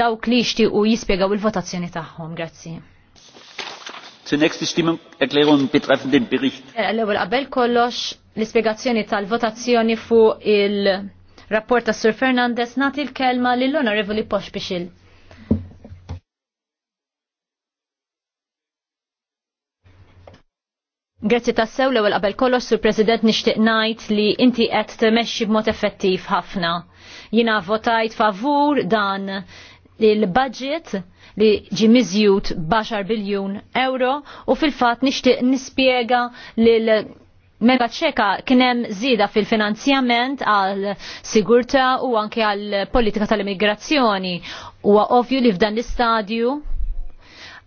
dawk li jixtiequ jispjegaw il-votazzjoni tagħhom. Grazzi. Zunächst die Stimmungerklärung betreffend den Bericht. Eh, l-ewwel qabel kollox l-ispjegazzjoni tal-votazzjoni fuq il-rapport tas Sir Fernandez nagħti l-kelma lill-Onorevoli Poshpixil. Grazzi tassew l ewwel qabel kollox sur President nixtieq ngħid li inti qed tmexxi b'mod effettiv ħafna. Jiena votajt favur dan il-budget li ġi miżjut baxar biljun euro u fil-fatt nixtieq nispjega lil Mega ċeka kienem zida fil-finanzjament għal sigurta u anke għal politika tal-immigrazzjoni. U ovvju li f'dan l-istadju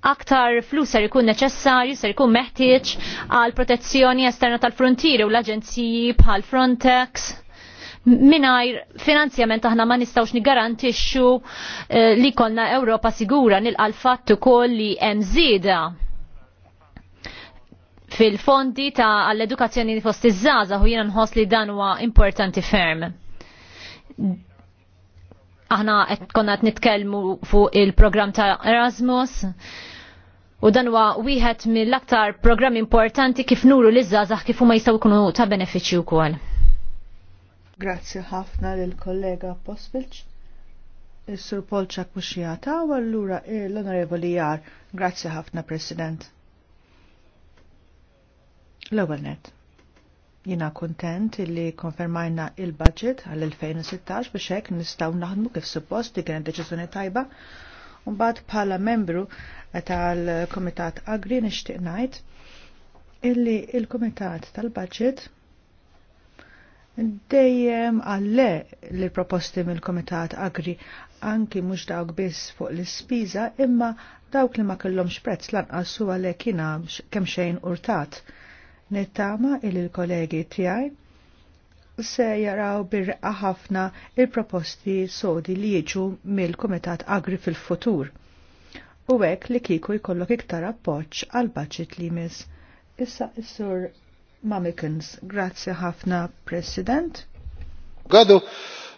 aktar flus ser ikun neċessarju, ser ikun meħtieġ għal protezzjoni esterna tal-frontieri u l-aġenziji bħal Frontex minajr finanzjament aħna ma nistawx nigarantixxu eh, li konna Ewropa sigura l fatt ukoll li hemm żieda fil-fondi ta' għall-edukazzjoni fost iż-żaza u jiena nħoss li dan huwa importanti ferm. Aħna qed konna qed nitkellmu fuq il-programm ta' Erasmus, U dan huwa wieħed mill-aktar programm importanti kif nuru liż żgħażagħ kif huma jistgħu jkunu ta' benefiċċju wkoll. Grazzi ħafna lil kollega Posvilċ. Is-Sur Polċak mhux jagħtaw u allura eh, l-Onorevoli Jar. Grazzi ħafna President. L-ewwel net. Jina kontent li konfermajna il-budget għal-2016 biex hekk nistgħu naħdmu kif suppost li kienet deċiżjoni tajba Mbagħad bħala membru tal-Komitat Agri nixtieq ngħid illi il-Komitat tal-Budget dejjem għalle li proposti mill-Komitat Agri anki mhux dawk biss fuq l-ispiża imma dawk li ma kellhomx prezz lanqas huwa għalhekk jiena kemm xejn urtat. Nittama l kollegi tiegħi se jaraw birqa ħafna il-proposti sodi li jiġu mill-Komitat Agri fil-futur. U hekk li kieku jkollok iktar appoġġ għal budget li jmiss. Issa is-sur Mamikens, grazzi ħafna President. Gadu,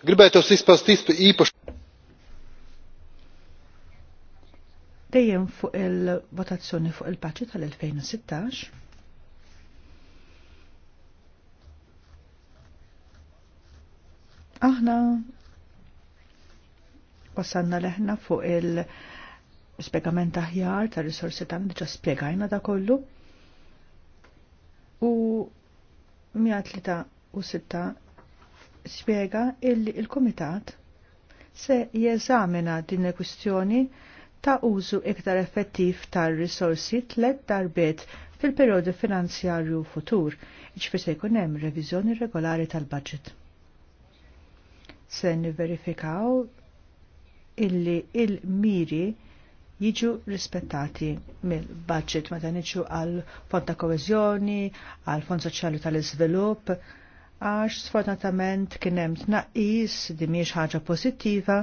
gribetu s-ispastis ipax. Dejjem fuq il-votazzjoni fuq il-paċi tal-2016. Aħna wasanna leħna fuq il-spiegament aħjar ta' risorsi tan diġa spiegajna da' kollu. U sitta spiega illi il-Komitat se jeżamina din il-kwistjoni ta' użu iktar effettiv tar risorsi tlet darbiet fil-periodu finanzjarju futur, iġfir se jkun hemm reviżjoni regolari tal-budget se niverifikaw illi il-miri jiġu rispettati mill-budget meta taniġu għal fond ta' koezjoni, għal fond soċjali tal izvilup għax sfortunatament kien hemm tnaqqis di miex ħaġa pozittiva,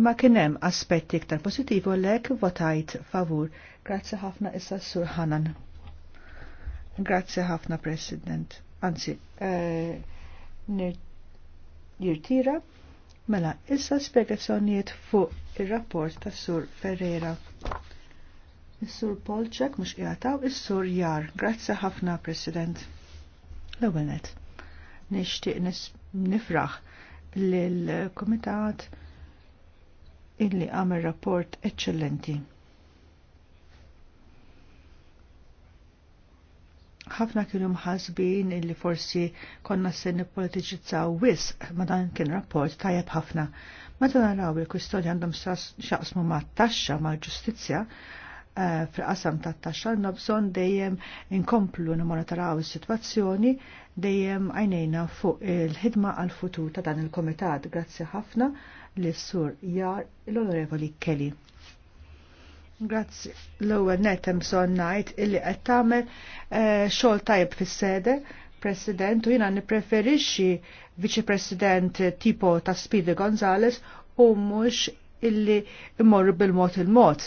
imma kien hemm aspetti iktar pozitivi u lek votajt favur. Grazzi ħafna issa Sur Hanan. Grazzi ħafna President. Anzi, eh, jirtira mela issa spiegazzjonijiet fuq ir-rapport tas Sur Ferreira. Is-Sur Polċek mhux jgħataw is-Sur Jar. Grazzi ħafna President. L-ewwel net. Nixtieq nifraħ lill-Kumitat illi għamel rapport eċċellenti. ħafna kienu mħasbin illi forsi konna se nippolitiċizzaw wis ma dan kien rapport tajjeb ħafna. Meta naraw il-kwistjoni għandhom xaqsmu ma' taxxa ma' ġustizzja, eh, fil-qasam ta' taxxa għandna bżonn dejjem inkomplu taraw is-sitwazzjoni dejjem għajnejna fuq il-ħidma għal-futur ta' dan il-komitat. Grazzi ħafna l-sur jar l-onorevoli Kelly. Grazzi. L-ewwel net hemm bżonn ngħid illi qed tagħmel eh, xogħol tajb fis-sede, President, u jiena nippreferixxi Viċi President tipo ta' Speedy Gonzales u mhux illi immorru bil-mod il-mod.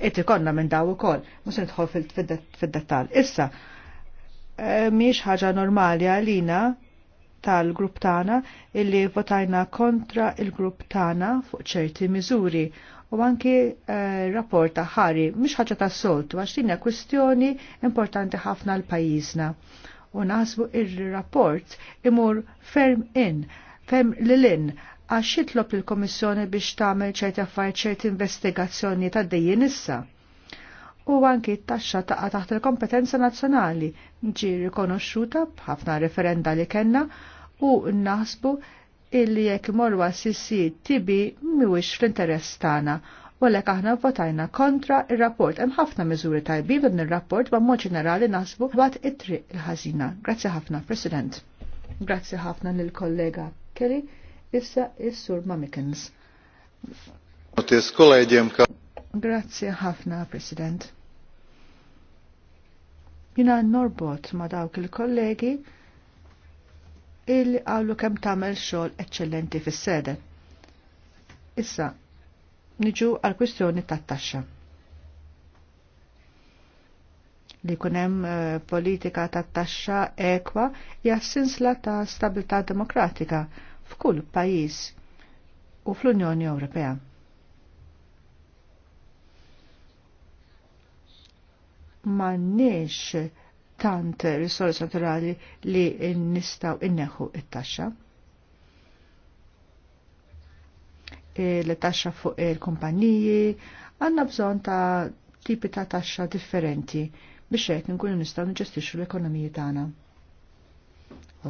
qed ikonna minn daw ukoll, mhux nidħol fid-dettall. Issa, eh, miex ħaġa normali għalina tal-grupp tagħna illi votajna kontra il-grupp tagħna fuq ċerti miżuri u anki eh, rapport ta' ħari, mhux ħaġa ta' soltu, għax dinja kwistjoni importanti ħafna l pajjiżna U nasbu ir-rapport imur ferm in, ferm lil-in, għax jitlob il-Komissjoni biex tagħmel ċerti affarijiet ċerti investigazzjoni ta' dejjin issa. U anki t-taxxa taqa' taħt il-kompetenza nazzjonali ġi rikonoxxuta b'ħafna referenda li kellna u naħsbu illi jekk morwa sissi tibi mhuwiex fl-interess tagħna u l aħna votajna kontra il-rapport. Hemm ħafna miżuri tajbi din il rapport ma mod ġenerali nasbu waqt it-triq il-ħażina. Grazzi ħafna, President. Grazzi ħafna lill kollega Kelly, issa is-Sur Mamikins. Grazzi ħafna, President. Jina norbot ma dawk il-kollegi illi għallu kem tamel xol eccellenti fis-sede. Issa, niġu għal kwistjoni tat taxxa li kunem eh, politika tat taxxa ekwa hija sinsla ta' stabilità demokratika f'kull pajjiż u fl-Unjoni Ewropea. Ma' tant risorsi naturali li nistaw inneħu it-taxxa. E, l taxxa fuq il-kumpaniji għanna bżon ta' tipi ta' taxxa differenti biex hekk nkunu nistgħu niġestixxu l-ekonomiji tagħna.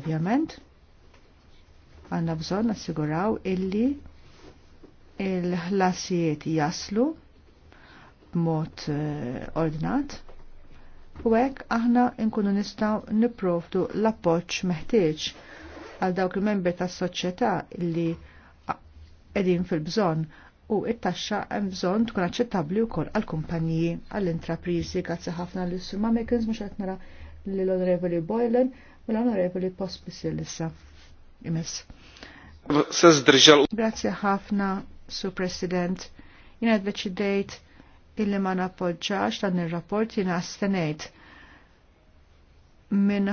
Ovvjament, għandna bżonn nassiguraw illi il-ħlasijiet jaslu b'mod eh, ordinat u hekk aħna nkunu nistgħu nipprovdu l-appoġġ meħtieġ għal dawk il-membri tas-soċjetà li qegħdin fil-bżonn u it-taxxa hemm bżonn tkun aċċettabbli wkoll għall kumpaniji għall-intrapriżi grazzi ħafna l summa Mekins mhux qed nara lill onorevoli Boylan u l-Onorevoli Pospisil issa. Imess. Grazzi ħafna, Sur President. Jina date illi ma nappoġġax dan ir-rapport jiena astenejt minn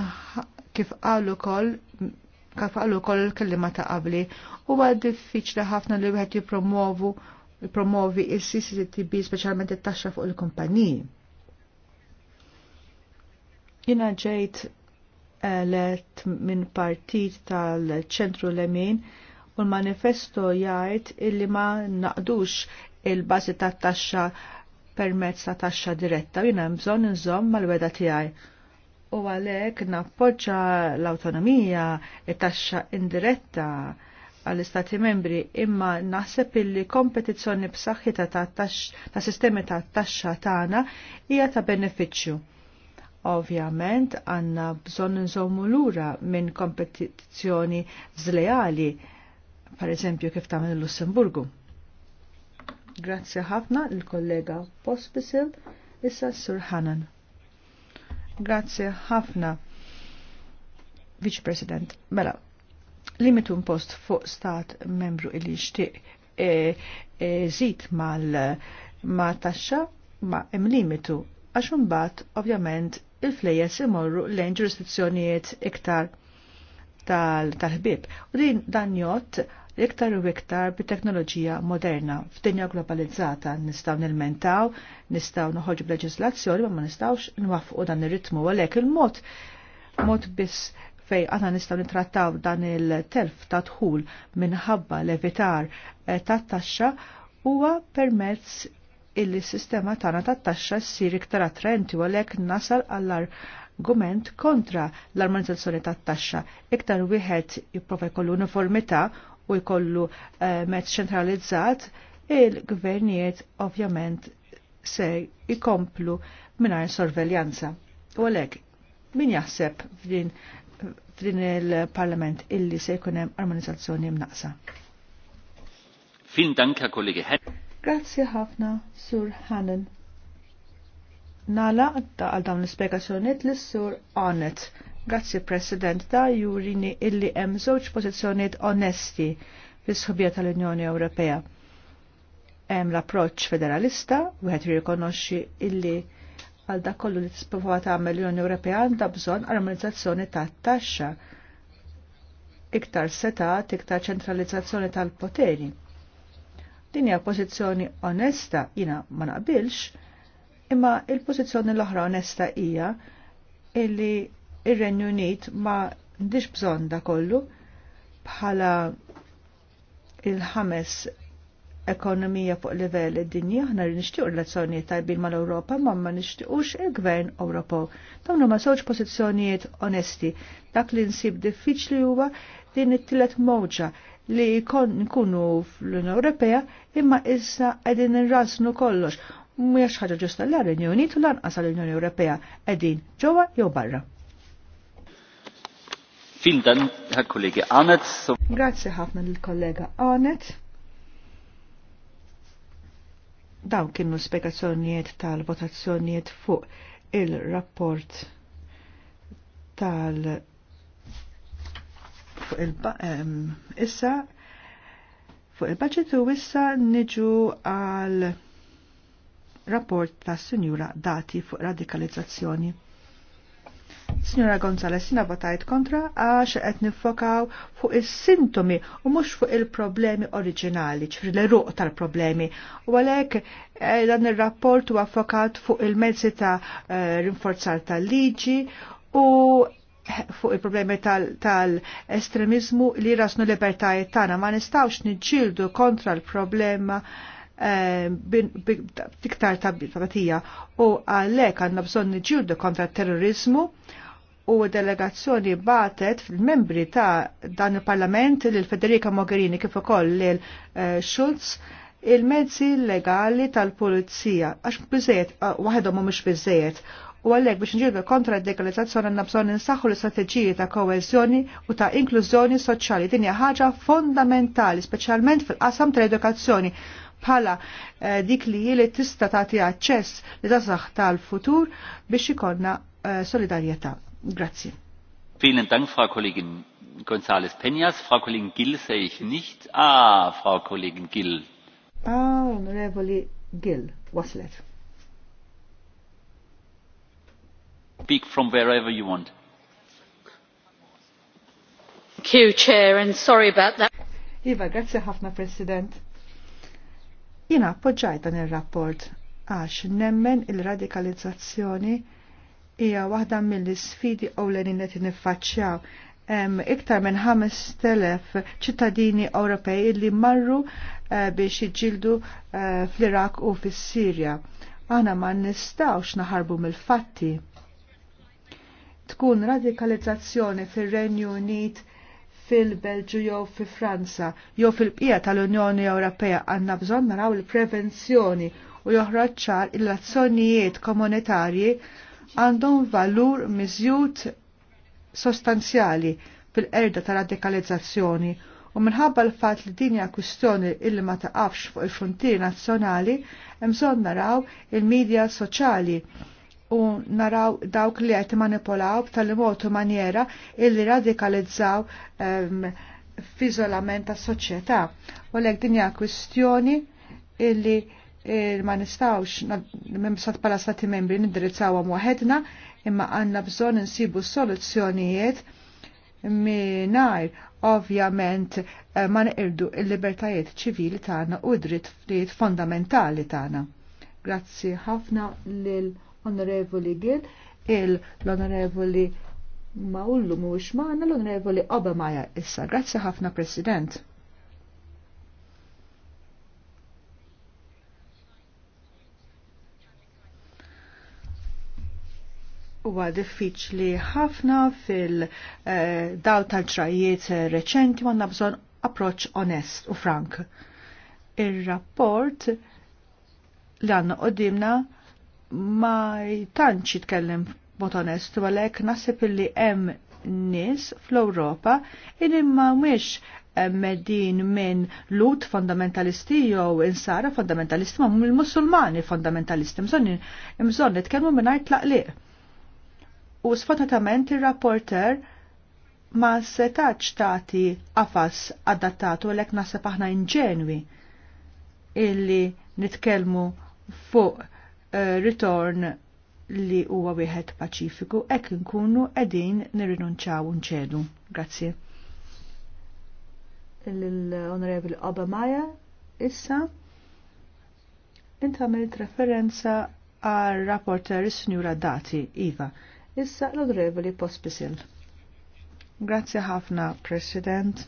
kif qalu kol kif qalu kol il kelliema ta' qabli huwa diffiċli ħafna li wieħed jippromovu jippromovi il-CCTB speċjalment it-taxxa fuq il-kumpaniji. Jiena ġejt eh, let minn partit tal-ċentru Lemin u l-manifesto jgħid illi ma naqdux il-bażi tat-taxxa permezz ta' taxxa diretta jiena hemm bżonn inżomm mal-weda tiegħi. U għalhekk nappoġġa l-awtonomija it-taxxa indiretta għall-Istati membri imma naħseb illi kompetizzjoni b'saħħitha ta' ta' sistemi ta' taxxa tagħna hija ta' benefiċċju. Ovvjament għandna bżonn nżommu lura minn kompetizzjoni żlejali, per eżempju kif tagħmel il-Lussemburgu. Grazzi ħafna il-kollega Pospisil issa Sur Hanan. Grazzi ħafna. Vice President, mela, limitu post fuq stat membru illi xtiq e, e, zit mal ma taxxa ma limitu għax imbagħad ovvjament il-flejjes imorru lejn ġurisdizzjonijiet iktar tal-ħbib. U din dan jott iktar u iktar bit-teknoloġija moderna. F'dinja globalizzata nistgħu nilmentaw, nistgħu noħorġu b'leġislazzjoni, ma ma nistgħux nwafqu dan ir-ritmu għalhekk il-mod mod biss fej għana nistaw nitrattaw dan il-telf ta' dħul minħabba levitar eh, ta' taxxa huwa permezz illi s-sistema tagħna ta' taxxa ssir iktar attrenti u għalhekk nasal għall-argument kontra l-armonizzazzjoni ta' taxxa. Iktar wieħed jipprova jkollu uniformità u jkollu eh, mezz ċentralizzat, il-gvernijiet ovvjament se jkomplu mingħajr sorveljanza. U għalhekk min jaħseb f'din il-Parlament illi se jkun hemm armonizzazzjoni mnaqsa. Fin danka kollegi Grazzi ħafna, Sur Hannan. Nala għal dawn l-spiegazzjoniet l-Sur Onet. Grazzi President, da jurini illi hemm żewġ pożizzjonijiet onesti fis-sħubija tal-Unjoni Ewropea. Hemm l-approċċ federalista, wieħed jirrikonoxxi illi għal dak kollu li tispruva tagħmel l-Unjoni Ewropea għandha bżonn armonizzazzjoni tat-taxxa iktar setat, iktar ċentralizzazzjoni tal-poteri. Din hija pożizzjoni onesta jina ma naqbilx, imma il-pożizzjoni l-oħra onesta hija illi ir-Renju Unit ma ndix bżonn da kollu bħala il-ħames ekonomija fuq livell id-dinja, ħna li nixtiequ relazzjonijiet tajbin mal-Ewropa, ma ma nixtiequx il-Gvern Ewropew. Dawn huma żewġ pożizzjonijiet onesti. Dak li nsib diffiċli huwa din it-tielet mowġa li nkunu fl-Unjoni Ewropea imma issa qegħdin nirrasnu kollox. Mhux ħaġa ġusta l-Unjoni Unit u lanqas għall-Unjoni Ewropea qegħdin ġewwa jew barra. Grazie ħafna lill-kollega Anet. Dawn kienu spiegazzjonijiet tal-votazzjonijiet fuq il-rapport tal- fuq il-issa ehm, fuq il-budget u issa niġu għal rapport tas-Sinjura Dati fuq radikalizzazzjoni. Signora Gonzalez, sina batajt kontra għax qed nifokaw fuq is-sintomi u mhux fuq il-problemi oriġinali, ċifri l-eruq tal-problemi. U għalhekk eh, dan ir-rapport huwa fokat fuq il-mezzi ta' eh, rinforzar tal-liġi u fuq il-problemi tal-estremizmu li rasnu libertajiet tagħna ma nistgħux niġġieldu kontra l-problema Eh, tiktar tabbatija u għalek għanna bżon ġildu kontra terrorizmu u delegazzjoni batet fil-membri ta' dan il-parlament lil Federica Mogherini kif ukoll l eh, Schulz il-mezzi legali tal-pulizija għax bizzejet, eh, waħedhom mhumiex biżejjed u għallek biex nġibu kontra d-deglizzazzjoni għanna bżonn insaħħu l-istrateġiji ta' koezjoni u ta' inklużjoni soċjali. Din hija ħaġa fondamentali, speċjalment fil-qasam tal-edukazzjoni bħala eh, dik li li tista tagħti aċċess li tasaħ tal-futur biex ikollna eh, solidarieta. Grazie. Vielen Dank, Frau Kollegin González Peñas. Frau Kollegin Gill sehe ich nicht. Ah, Frau Kollegin Gill. Ah, Onorevoli Gill, waslet. Speak from wherever you want. Thank you, Chair, and sorry about that. Iva, grazie ħafna, President Jina appoġġaj dan ir-rapport għax nemmen il-radikalizzazzjoni hija waħda mill-sfidi ewlenin qed niffaċċjaw hemm iktar minn 5.000 ċittadini Ewropej li marru eh, biex jiġġieldu eh, fl-Irak u fis-Sirja. Aħna ma nistawx naħarbu mill-fatti. Tkun radikalizzazzjoni fir-Renju Unit fil-Belġu jew fi Franza jew fil-bqija tal-Unjoni Ewropea għandna bżonn naraw il-prevenzjoni u joħroċċar il-azzjonijiet komunitarji għandhom valur miżjud sostanzjali fil-erda ta' radikalizzazzjoni u minħabba l-fat li dinja kwistjoni illi ma taqafx fuq il frontiri nazzjonali, hemm bżonn naraw il-medja soċjali u naraw dawk li qed manipolaw b'tali mod manjera illi radikalizzaw um, f'iżolament tas-soċjetà. U l din hija kwistjoni illi eh, ma nistawx memsat pala stati membri nindirizzawhom waħedna imma għandna bżonn insibu soluzzjonijiet minajr ovvjament eh, ma nirdu il-libertajiet ċivili tagħna u dritt fondamentali tagħna. Grazzi ħafna lil Onorevoli Gil, il-Onorevoli Maullu mux maħna l-Onorevoli Obamaja issa. Grazzi ħafna, President. huwa diffiċli ħafna fil-daw tal-ċrajiet reċenti għanna bżon approċ onest u frank. Il-rapport li għanna qoddimna ma tantx jitkellem mod onest għalhekk naħseb illi hemm nies fl-Ewropa illi ma mhix eh, meddin minn lut fundamentalisti jew insara fundamentalisti ma' il-Musulmani fundamentalisti. Mżon nitkellmu mingħajr tlaqliq. U sfortunatament ir-rapporter ma setax tati afas adattatu u għalhekk naħseb aħna inġenwi illi nitkellmu fuq Eh, ritorn li huwa wieħed paċifiku hekk inkunu qegħdin nirrinunċaw nċedu. Grazzi. L-Onorevoli Obamaja issa intamilt referenza għal rapporter is-Sinjura Dati, Iva, issa l-Onorevoli Pospisil. Grazzi ħafna, President.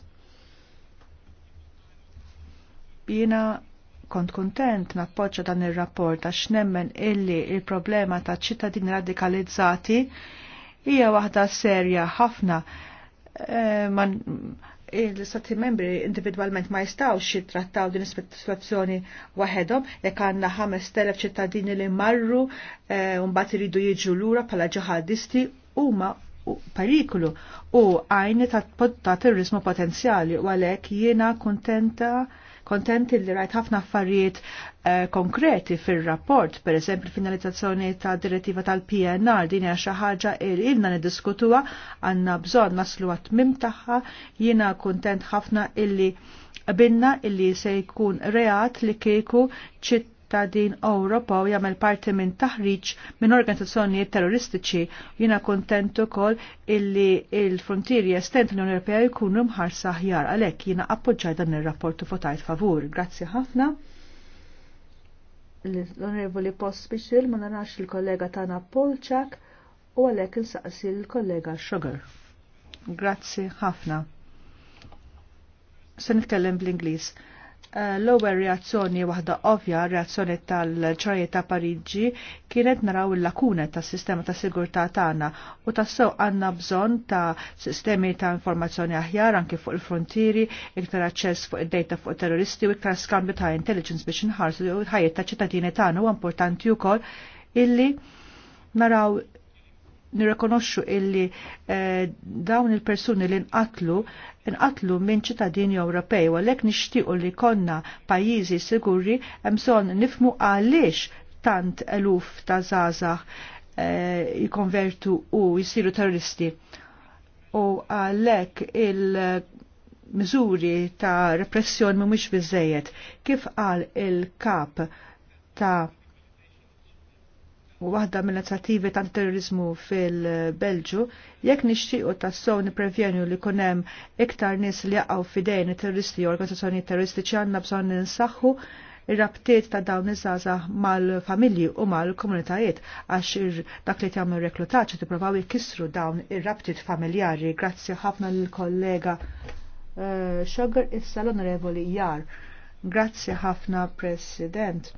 Jiena kont kontent nappoġġa dan ir-rapport għax nemmen illi il-problema ta' ċittadini radikalizzati hija waħda serja ħafna eh, il sati membri individualment ma jistawx jittrattaw din situazzjoni waħedhom jekk għandna 5000 ċittadini li marru e, u mbagħad iridu jiġu lura bħala ġihadisti huma periklu u għajni ta' terrorismu potenzjali u għalhekk jiena kuntenta kontent li rajt ħafna affarijiet eh, konkreti fir-rapport, per eżempju finalizzazzjoni ta' direttiva tal-PNR din hija xi ħaġa li ilna niddiskutuha għandna bżonn naslu għat-tmim tagħha, jiena kuntent ħafna illi binna illi se jkun reat li kieku ċitt ta' din Ewropa u jagħmel parti minn taħriġ minn organizzazzjonijiet terroristiċi. Jiena kontent ukoll illi l frontieri estent l-Unjoni Ewropea jkunu mħarsa ħjar għalhekk jiena appoġġaj dan ir-rapport u votajt favur. Grazzi ħafna. L-Onorevoli Post Bixil ma narax il-kollega tagħna Polczak u għalhekk insaqsi l-kollega Sugar. Grazzi ħafna. Se nitkellem bl-Ingliż Eh, l-ewwel reazzjoni waħda ovvja, reazzjoni tal-ċrajiet ta' Pariġi, kienet naraw il-lakuna tas sistema ta' sigurtà tagħna u tassew għandna bżonn ta' sistemi ta' informazzjoni aħjar anke fuq il-frontieri, iktar aċċess fuq id-dejta fuq terroristi u iktar skambju ta' intelligence biex nħarsu ħajjet ta' ċittadini tagħna huwa importanti wkoll illi naraw nirrekonoxxu illi eh, dawn il-persuni li nqatlu nqatlu minn ċittadini Ewropej u għalhekk nixtiequ li konna pajjiżi siguri hemm bżonn nifmu għaliex tant eluf ta' żgħażagħ eh, jikonvertu u jisiru terroristi. U għalhekk il miżuri ta' repressjoni mhumiex biżejjed. Kif qal il-kap ta' u waħda mill-inizjattivi ta' terrorizmu fil-Belġu, jekk nixtiequ tassew niprevjenju li jkun hemm iktar nies li jaqgħu fidejn terroristi u organizzazzjoni terroristiċi għandna bżonn ninsaħħu ir-rabtiet ta' dawn iż-żgħażagħ mal-familji u mal-komunitajiet għax dak li tagħmel reklutaċ tipprovaw jkissru dawn ir-rabtiet familjari. Grazzi ħafna lill-kollega uh, issa l-Onorevoli Jar. Grazzi ħafna President.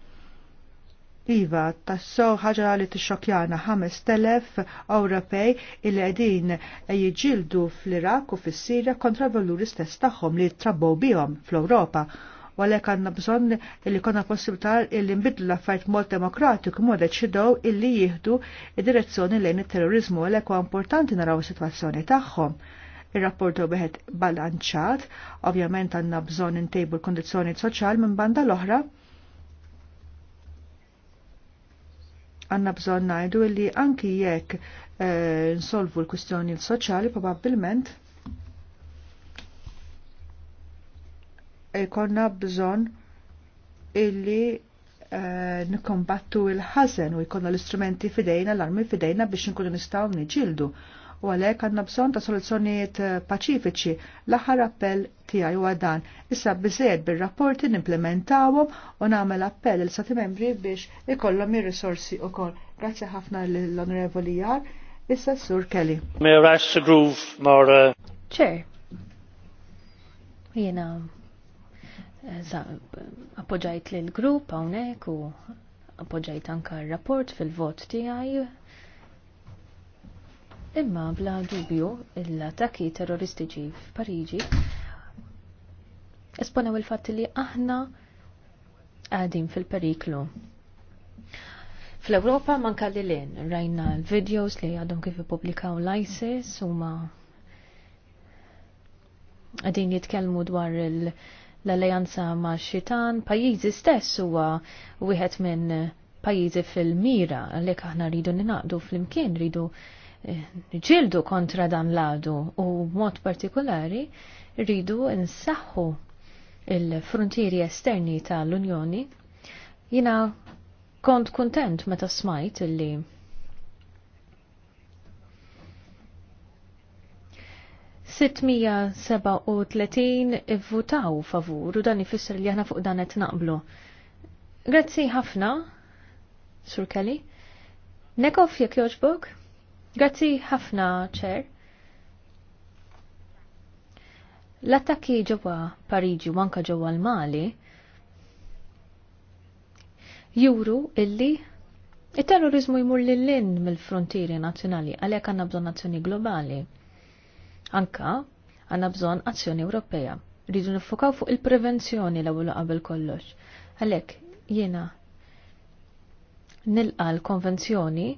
Iva, tasso ħaġa li t-xokjana 5.000 Ewropej il qegħdin jġildu fl-Irak u fis-Sirja kontra valuri stess tagħhom li trabbow bihom fl-Ewropa. Għalek għanna bżon li konna possibilità li nbidlu l affajt mod demokratiku mod deċidow illi jieħdu id-direzzjoni lejn it-terrorizmu għalhekk huwa importanti naraw is-sitwazzjoni tagħhom il-rapportu beħed balanċat, ovvjament għanna bżon intejbu l-kondizjoni soċjal minn banda l-oħra, għanna bżon najdu li anki jekk eh, nsolvu l l soċjali probabbilment ikonna bżon illi eh, nikombattu il-ħazen u jkollna l-istrumenti fidejna, l-armi fidejna biex nkunu nistaw niġildu u għalhekk għandna bżonn ta' soluzzjonijiet eh, paċifiċi l-aħħar appell tiegħi huwa dan. Issa biżejjed bir-rapporti nimplementawhom u nagħmel appell il Sati membri biex ikollhom ir-risorsi wkoll. Grazzi ħafna l-Onorevoli Jar. Issa Sur Kelly. Ċer. Jena eh, appoġġajt lill grupp hawnhekk u appoġġajt anka r-rapport fil-vot tiegħi Imma bla dubju l-attakki terroristiċi f'Pariġi esponaw il-fatt li aħna għadin fil-periklu. Fl-Europa man kalli l-in, rajna l-videos li għadhom kif publikaw l-ISIS u ma għadin jitkelmu dwar l alleanza ma xitan, pajizi stess huwa wieħed minn pajizi fil-mira li aħna rridu ninaqdu fl-imkien, rridu ġildu kontra dan l-għadu u mod partikolari rridu nsaħħu il-frontieri esterni tal-Unjoni. Jina kont kontent meta smajt illi tletin votaw favur u dan ifisser li aħna fuq dan qed naqblu. Grazzi ħafna, Sur Kelly. Nekof jekk jogħġbok? Grazzi ħafna ċer. L-attakki ġewwa Pariġi u anke ġewwa l-Mali juru illi it-terrorizmu jmur lil-lin mill-frontieri nazzjonali għalhekk għandna bżonn azzjoni globali. Anka għandna bżonn azzjoni Ewropea. Rridu nifokaw fuq il-prevenzjoni l-ewwel qabel kollox. Għalhekk jiena nilqa l-konvenzjoni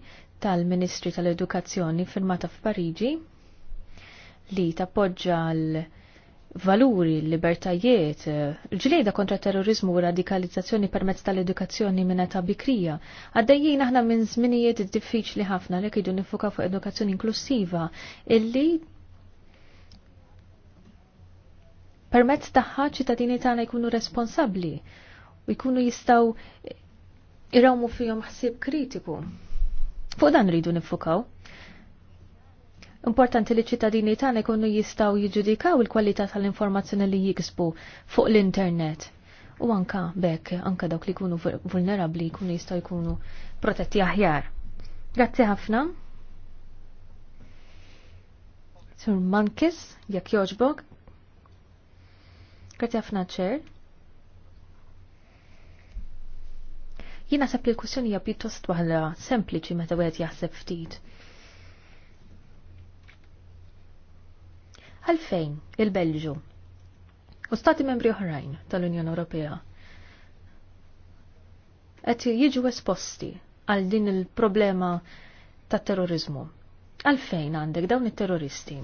tal-Ministri tal-Edukazzjoni firmata f'Pariġi li tappoġġa l-valuri, l-libertajiet, l-ġlieda kontra terrorizmu u radikalizzazzjoni permezz tal-edukazzjoni minna ta' bikrija. Għaddejjina aħna minn żminijiet diffiċli ħafna li kidu nifuka fuq edukazzjoni inklusiva illi permezz taħħa ċittadini tagħna jkunu responsabbli u jkunu jistaw irawmu fihom ħsieb kritiku. Fuq dan rridu nifukaw. Importanti li ċittadini tagħna jkunu jistgħu jiġġudikaw il-kwalità tal-informazzjoni li jiksbu fuq l-internet. U anka bekk, anka dawk li jkunu vulnerabbli jkunu jistgħu jkunu protetti aħjar. Grazzi ħafna. Sur Mankis, jekk jogħġbok. Grazzi ħafna ċer. Jina sepp li l-kussjoni hija pjuttost waħla sempliċi meta wieħed jaħseb ftit. Għalfejn il-Belġu u stati membri oħrajn tal-Unjoni Ewropea qed jiġu esposti għal din il-problema ta' terrorizmu. Għalfejn għandek dawn it-terroristi?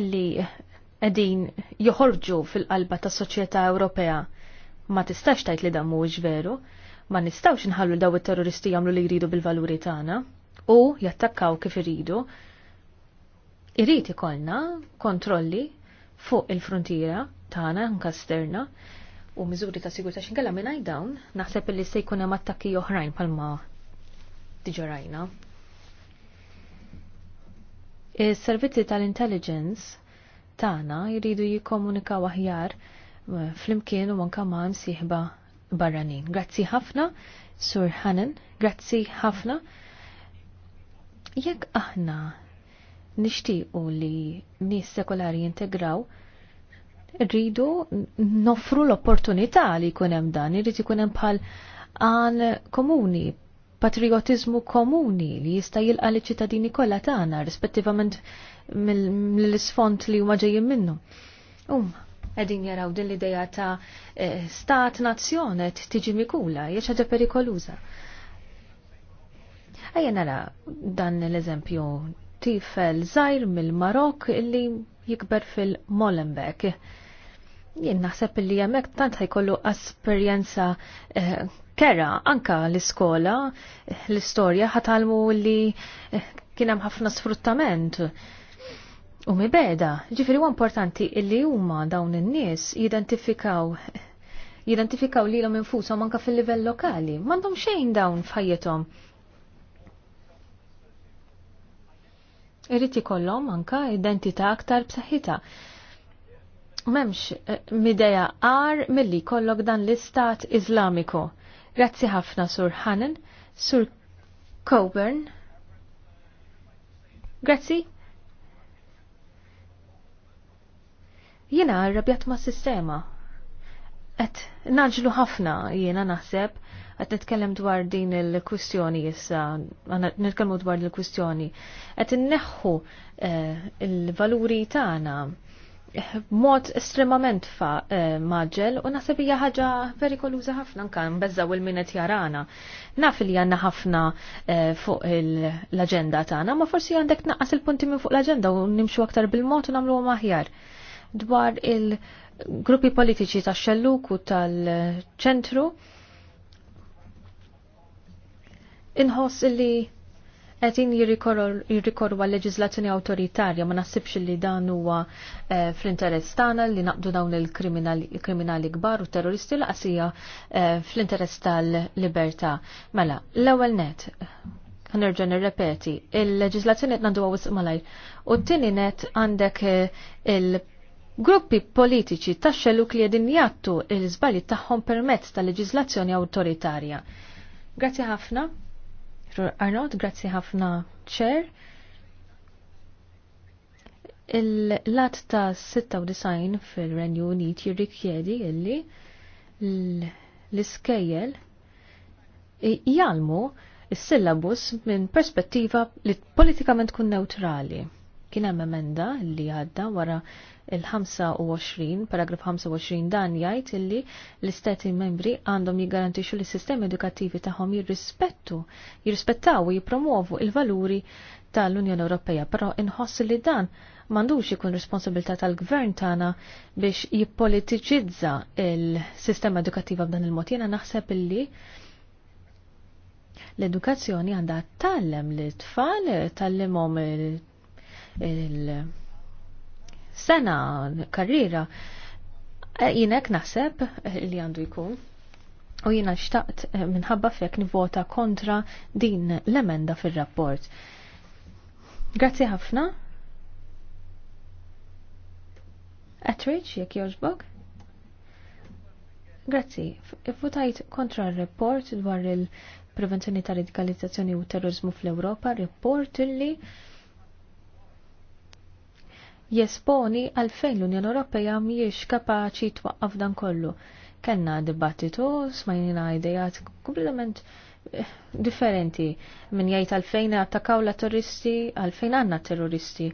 Illi edin joħorġu fil-qalba ta' soċjetà Ewropea. Ma tistax tajt li dan mhuwiex veru, ma nistawx inħallu daw it-terroristi jagħmlu li jridu bil-valuri tagħna u jattakkaw kif iridu. Irrid ikollna kontrolli fuq il-frontiera tagħna anke sterna u miżuri ta' sigurtà x'inkella mingħajr dawn naħseb li se jkun hemm attakki oħrajn palma rajna. Is-servizzi tal-intelligence Tana jridu jikkomunikaw aħjar eh, flimkien u manka ma' msieħba barranin. Grazzi ħafna, Sur Hanan, grazzi ħafna. Jekk aħna nixtiequ li nies sekolari jintegraw, rridu nofru l-opportunità li jkun hemm dan, irrid ikun hemm bħal għan komuni patriotizmu komuni li jista' jilqa li ċittadini kollha tagħna rispettivament mill-isfond li huma ġejjin minnu. Um, qegħdin jaraw din l-idea ta' eh, stat nazzjon qed tiġi mikula, jiex ħaġa perikoluża. Ejja nara dan l-eżempju tifel żgħir mill-Marok li jikber fil-Molenbeek jien naħseb li hemmhekk tant ħajkollu esperjenza eh, Kera, anka l-iskola, l-istorja ħatalmu li eh, kienem ħafna sfruttament. U mi beda, ġifiri u importanti illi huma dawn in-nies jidentifikaw jidentifikaw li l-om infusom anka fil-livell lokali. Mandom xejn dawn fħajetom. Irriti kollom anka identità aktar b'saħħita, Memx eh, mideja għar milli kollok dan l-istat Islamiku. Grazzi ħafna Sur Hannan, Sur Coburn. Grazzi. Jena rrabjat ma' sistema. Et naġlu ħafna jiena naħseb għet nitkellem dwar din il-kwistjoni jissa, nitkellmu dwar il-kwistjoni, għet neħħu eh, il-valuri tagħna mod estremament fa eh, u nasib hija ħaġa perikoluża ħafna nkan beżaw il-minet jarana. Naf li għandna ħafna eh, fuq l agenda tagħna, ma forsi għandek naqas il-punti minn fuq l-aġenda u nimxu aktar bil-mod u nagħmluhom aħjar. Dwar il-gruppi politiċi tax-xelluk u tal-ċentru inħoss li Etin jirrikorru għal leġizlazzjoni autoritarja, ma nasibx li dan huwa eh, fl-interess tagħna li naqdu dawn il-kriminali kbar u terroristi laqsija eh, fl-interess tal-libertà. Mela, l-ewwel net, nerġa' nirrepeti, il-leġizlazzjoni qed nandu wisq malajr. U t-tieni net għandek eh, il- Gruppi politiċi taxxeluk li jedin jattu il-żbalji tagħhom permezz tal-leġizlazzjoni awtoritarja. Grazzi ħafna. Dr. Arnold, grazzi ħafna ċer. Il-lat ta' 96 fil-Renju Unit jirrikjedi illi l-iskejjel jgħalmu il-syllabus minn perspettiva li politikament kun neutrali. Kien hemm emenda li għadda wara il-25, paragraf 25 dan jgħid illi l-istati membri għandhom jiggarantixxu li s-sistemi edukattivi tagħhom jirrispettu, jirrispettaw u jippromovu il-valuri tal-Unjoni Ewropea, però inħoss li dan m'għandux ikun responsabilità tal-gvern tagħna biex jippolitiċizza il-sistema edukattiva b'dan il-mod. Jiena naħseb illi l-edukazzjoni għandha tallem l-tfal, tallimhom il-sena, karriera, jinek naħseb li għandu jkun. U jina xtaqt minħabba fek nivota kontra din l-emenda fil-rapport. Grazzi ħafna. Atridge, jek jorġbog? Grazzi, votajt kontra r-report dwar il-prevenzjoni tal-radikalizzazzjoni u terrorizmu fl-Europa, report li jesponi għalfejn l-Unjoni Ewropea mhijiex kapaċi twaqqaf dan kollu. Kenna dibattitu smajnina idejat kompletament eh, differenti minn jgħid għalfejn attakaw la terroristi, għalfejn għandna terroristi.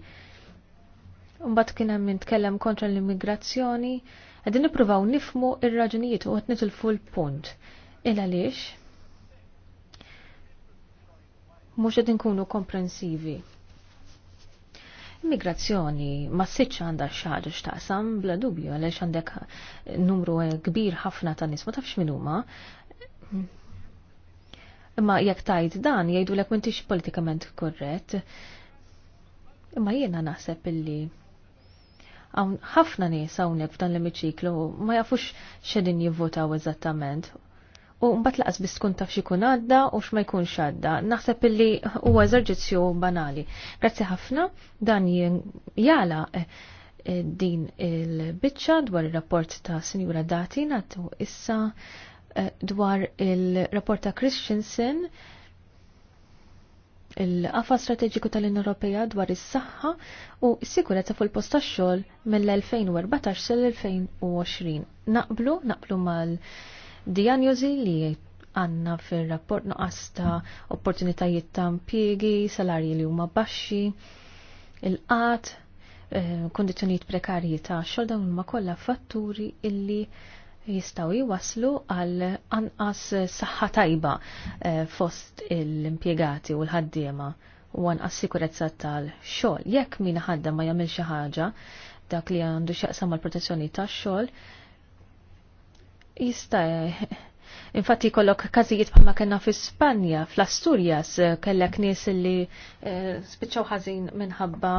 Mbagħad kien hemm intkellem kontra l-immigrazzjoni, qegħdin nippruvaw nifmu ir-raġunijiet u qed nitilfu l-punt. Il għaliex? Mhux qed nkunu komprensivi. Migrazzjoni ma sitx għandha xaġa x'taqsam bla dubju għaliex għandek numru kbir ħafna ta' nies ma tafx min huma. Imma jekk tajt dan jgħidulek m'intix politikament korrett. Imma jiena naħseb illi ħafna nies hawnhekk f'dan l-emiċiklu ma jafux x'edin jivvotaw eżattament u mbagħad laqas biss tkun taf x'ikun għadda u x'ma jkunx għadda. Naħseb illi huwa eżerġizzju banali. Grazzi ħafna dan jala eh, eh, din il-biċċa dwar ir-rapport ta' Sinjura Dati nagħtu issa eh, dwar il-rapport ta' Christensen il-qafa strateġiku tal-Unjoni Ewropea dwar is-saħħa u s-sikurezza fuq il-post tax-xogħol mill-2014 sal-2020. Naqblu, naqblu mal- dijanjosi li għanna fil-rapport nuqqas ta' opportunitajiet ta' impjiegi, salarji li huma baxxi, il-qat, eh, kondizjonijiet prekarji ta' xogħol dawn huma kollha fatturi illi jistgħu jwaslu għal anqas saħħa tajba eh, fost l-impjegati u l-ħaddiema u anqas sikurezza tal-xogħol. Jekk min ħadda ma jagħmel xi ħaġa dak li għandu x'jaqsam mal protezzjoni tax-xogħol, jista' Infatti kollok kazijiet bħalma kena fi Spanja, fl-Asturjas, kellek nies li eh, spiċċaw ħażin minħabba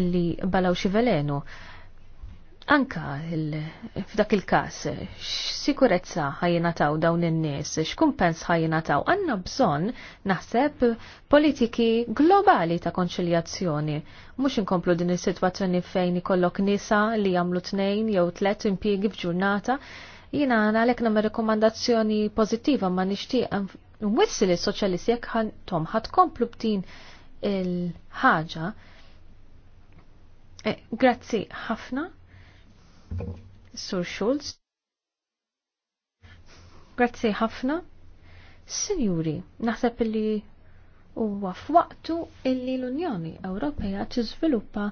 li balaw xi velenu. Anka f'dak il-kas, x'sikurezza ħajjina taw dawn in-nies, x'kumpens ħajjina taw, għanna bżonn naħseb politiki globali ta' konċiljazzjoni. Mhux inkomplu din is-sitwazzjoni fejn ikollok nisa li jagħmlu tnejn jew tlet impjiegi f'ġurnata, Jina għana għalek nam rekomandazzjoni pozittiva ma nishtiq Mwissi li soċjalisti jekk tom ħad komplu b'din il-ħaġa. Eh, grazzi ħafna, Sur Schulz. Grazzi ħafna. Sinjuri, naħseb li huwa f'waqtu illi l-Unjoni Ewropea tiżviluppa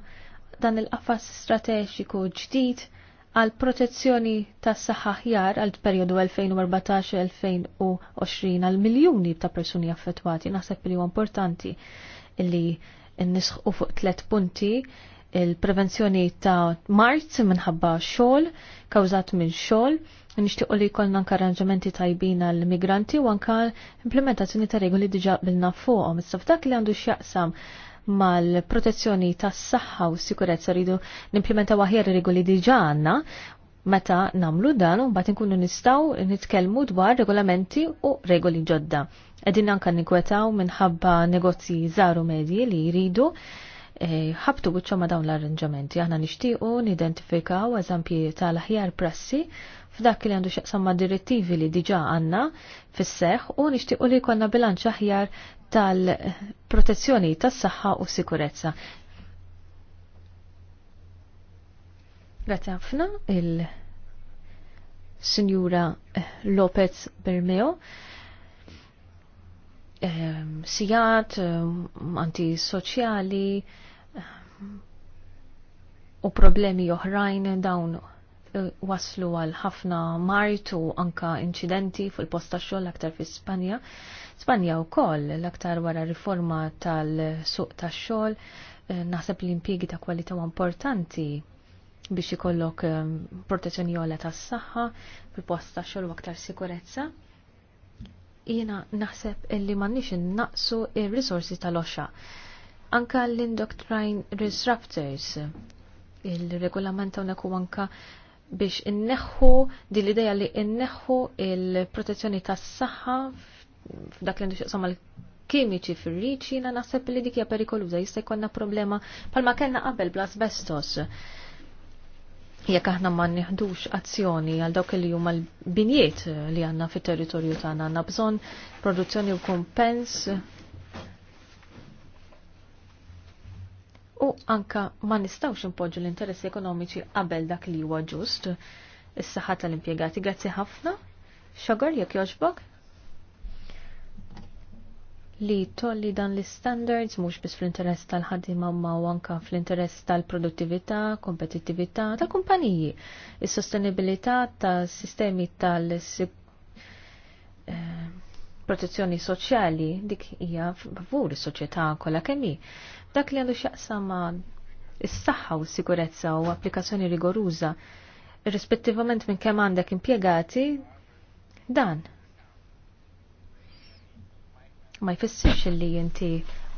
dan il-qafas strateġiku ġdid għal protezzjoni tas saħħaħjar għal periodu 2014-2020 għal miljoni ta' persuni affettwati. Naħseb li huwa importanti li nisħu fuq tlet punti il-prevenzjoni ta' mart minħabba xogħol kawżat minn xogħol, nixtiequ li jkollna anke arranġamenti tajbin għall migranti u anke implementazzjoni ta' regoli diġà nafu fuqhom. Issa f'dak li għandu x'jaqsam mal-protezzjoni tas-saħħa u s-sikurezza rridu nimplementaw aħjar regoli diġa għandna meta namlu dan u bat inkunu nistgħu nitkellmu dwar regolamenti u regoli ġodda. Edin anke nikwetaw minħabba negozji żaru medji li jridu eh, ħabtu e, buċċa ma dawn l-arranġamenti. Aħna nixtiequ nidentifikaw eżampji tal-aħjar prassi f'dak li għandu xaqsam ma' direttivi li diġa għanna fis-seħ u nixtiequ li jkollna bilanċ aħjar tal-protezzjoni tas-saħħa u sikurezza. Grazie ħafna il-Sinjura Lopez Bermeo ehm, sijat, ehm, antisoċjali ehm, u problemi oħrajn dawn eh, waslu għal ħafna mart u anka incidenti fil-posta xogħol aktar fi Spanja. Spanja u koll l-aktar wara riforma tal-suq tax-xogħol eh, naħseb li impjiegi ta' kwalità importanti biex ikollok eh, protezzjoni jola tas-saħħa fil-post tax-xogħol u aktar sikurezza. Jiena naħseb li m'għandniex innaqsu ir-risorsi tal-oxa. Anka l-indoctrine disruptors, il-regolament hawnhekk u anka biex inneħħu din l-idea li inneħħu il-protezzjoni tas-saħħa f'dak li nixtieq l-kimiċi fir riċi jiena naħseb li dik hija perikoluża jista' jkollna problema palma kellna qabel blas bestos. Jekk aħna ma nieħdux azzjoni għal dawk li huma l-binjiet li għandna fit-territorju tagħna għandna bżonn produzzjoni u kumpens u anka ma nistawx impoġġu l-interessi ekonomiċi qabel dak li huwa ġust is-saħħa tal-impjegati. Grazzi ħafna. Xogor jekk jogħġbok? li tolli dan l-standards mhux biss fl-interess tal-ħaddiema ma anka fl-interess tal-produttività, kompetittività ta' kumpaniji, is-sostenibilità ta' sistemi tal eh, protezzjoni soċjali dik hija favur is-soċjetà kollha kemm Dak li għandu x'jaqsa ma' is-saħħa u s-sigurezza u applikazzjoni rigoruża rispettivament minn kemm għandek impjegati dan ma jfissirx li inti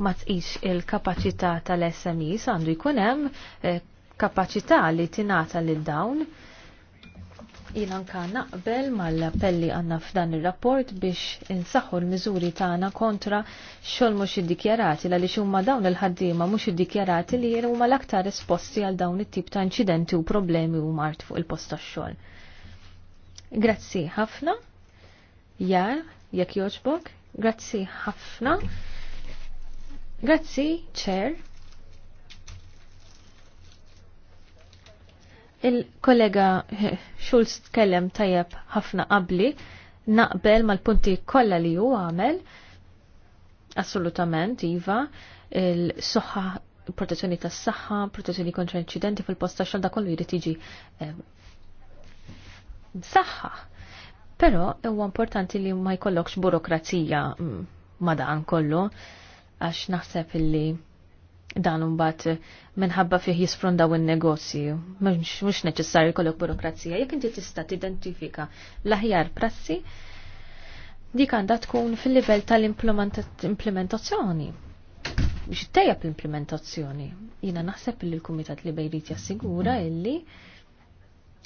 ma tqis il-kapacità tal-SMEs għandu jkun hemm eh, kapacità li tingħata lil dawn. Jien anka naqbel mal-appelli għandna f'dan ir-rapport biex insaħħu l-miżuri tagħna kontra xogħol mhux iddikjarati għaliex huma dawn il-ħaddiema mhux iddikjarati li huma l-aktar esposti għal dawn it-tip ta' inċidenti u problemi u mart fuq il-post tax-xogħol. Grazzi ħafna. Jar, jekk jogħġbok? Grazzi ħafna. Grazzi, ċer. Il-kollega Schulz tkellem tajjeb ħafna qabli naqbel mal-punti kollha li hu għamel. Assolutament, Iva, il-soħħa protezzjoni tas saħħa protezzjoni kontra inċidenti fil-posta xalda kollu jrid tiġi eh, saħħa. Però huwa importanti li ma jkollokx burokrazija mm, madan kollu, għax naħseb illi dan mbagħad minħabba fih jisfrondaw in-negozji, mhux neċessari jkollok burokrazija, jek inti tista' tidentifika l-aħjar prassi, dik għandha tkun fil-livell tal-implementazzjoni. Biex tejjeb l-implementazzjoni, jiena naħseb li l-Kumitat li bejrit jassigura illi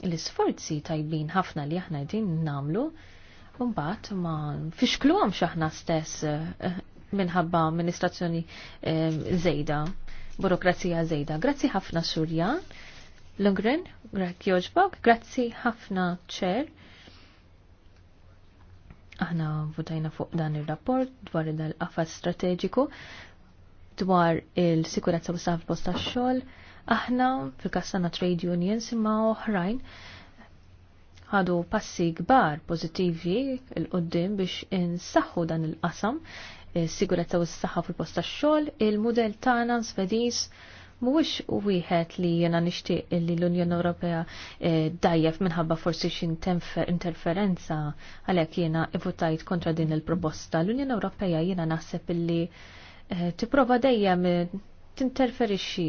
l-isforzi tajbin ħafna li aħna din namlu Mbagħad ma fixkluhom x'aħna stess eh, minħabba amministrazzjoni eh, żejda, burokrazija żejda. Grazzi ħafna Surja Lungren, Kjoġbog, grazzi ħafna ċer. Aħna votajna fuq dan ir-rapport dwar il-qafas strateġiku dwar il-sikurezza u s-saf posta xogħol Aħna fil-kassana trade unions simma oħrajn ħadu passi kbar pozittivi il-qoddim biex insaħħu dan il-qasam, sigurezza u s-saħħa fil-posta xogħol, il-mudell tagħna Svediż mhuwiex wieħed li jiena nixtieq li l-Unjoni Ewropea eh, dajjef minħabba forsi xi interferenza għalhekk jiena votajt kontra din il-proposta. L-Unjoni Ewropea jiena naħseb illi eh, tipprova dejjem tinterferixxi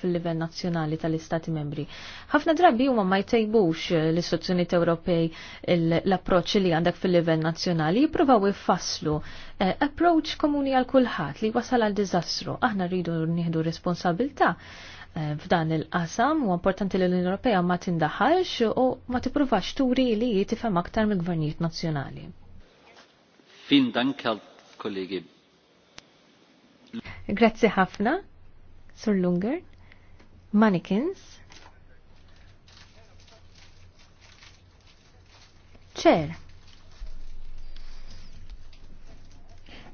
fil-livell nazzjonali tal-Istati membri. Ħafna drabi huma ma jtejbux l-istituzzjonijiet Ewropej l-approċċ li għandek fil-livell nazzjonali jippruvaw ifasslu eh, approach komuni għal kulħadd li wasal għal diżastru. Aħna rridu nieħdu responsabilità eh, f'dan il-qasam u importanti li l-Unjoni Ewropea ma tindaħalx u ma tippruvax turi li tifhem aktar mill-gvernijiet nazzjonali. Fin dan kollegi. Grazzi ħafna. Sur Lunger, Mannequins, Cher,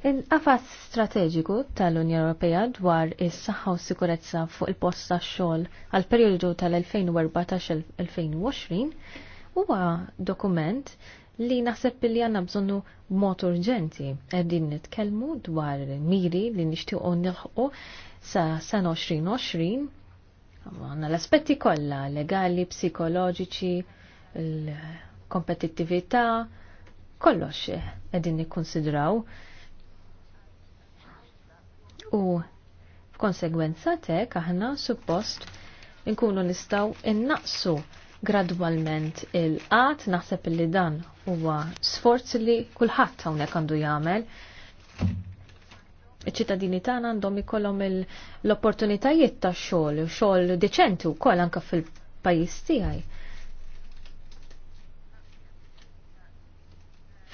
Il-qafas strateġiku tal-Unja Ewropea dwar is-saħħa u sikurezza fuq il-post tax-xogħol għal perjodu tal-2014-2020 huwa dokument li naħseb billi għandna bżonnu mod urġenti. Qegħdin nitkellmu dwar miri li nixtiequ nilħqu sa san 2020 għanna l-aspetti kollha legali, psikoloġiċi, l-kompetittività, kollox qegħdin nikkonsidraw. U f'konsegwenza tek aħna suppost inkunu nistaw innaqsu gradwalment il-qat naħseb li dan huwa sforz li kulħadd hawnhekk għandu jagħmel iċ-ċittadini tagħna għandhom ikollhom l-opportunitajiet ta' xogħol, xogħol deċenti wkoll anke fil-pajjiż tiegħi.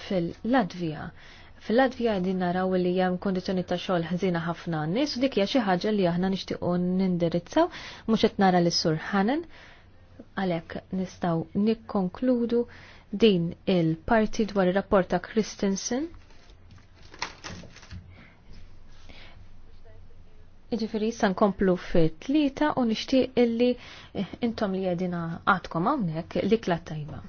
Fil-Latvija. Fil-Latvija qegħdin naraw li hemm kondizzjoni ta' xogħol ħażina ħafna nies u dik hija xi ħaġa li aħna nixtiequ nindirizzaw mhux qed nara lis sur Ħanen għalhekk nistgħu nikkonkludu din il-parti dwar ir-rapport ta' Christensen Iġifiri, san komplu fit-tlita u nishtiq illi eh, intom li jedina għadkom għawnek li klat tajba.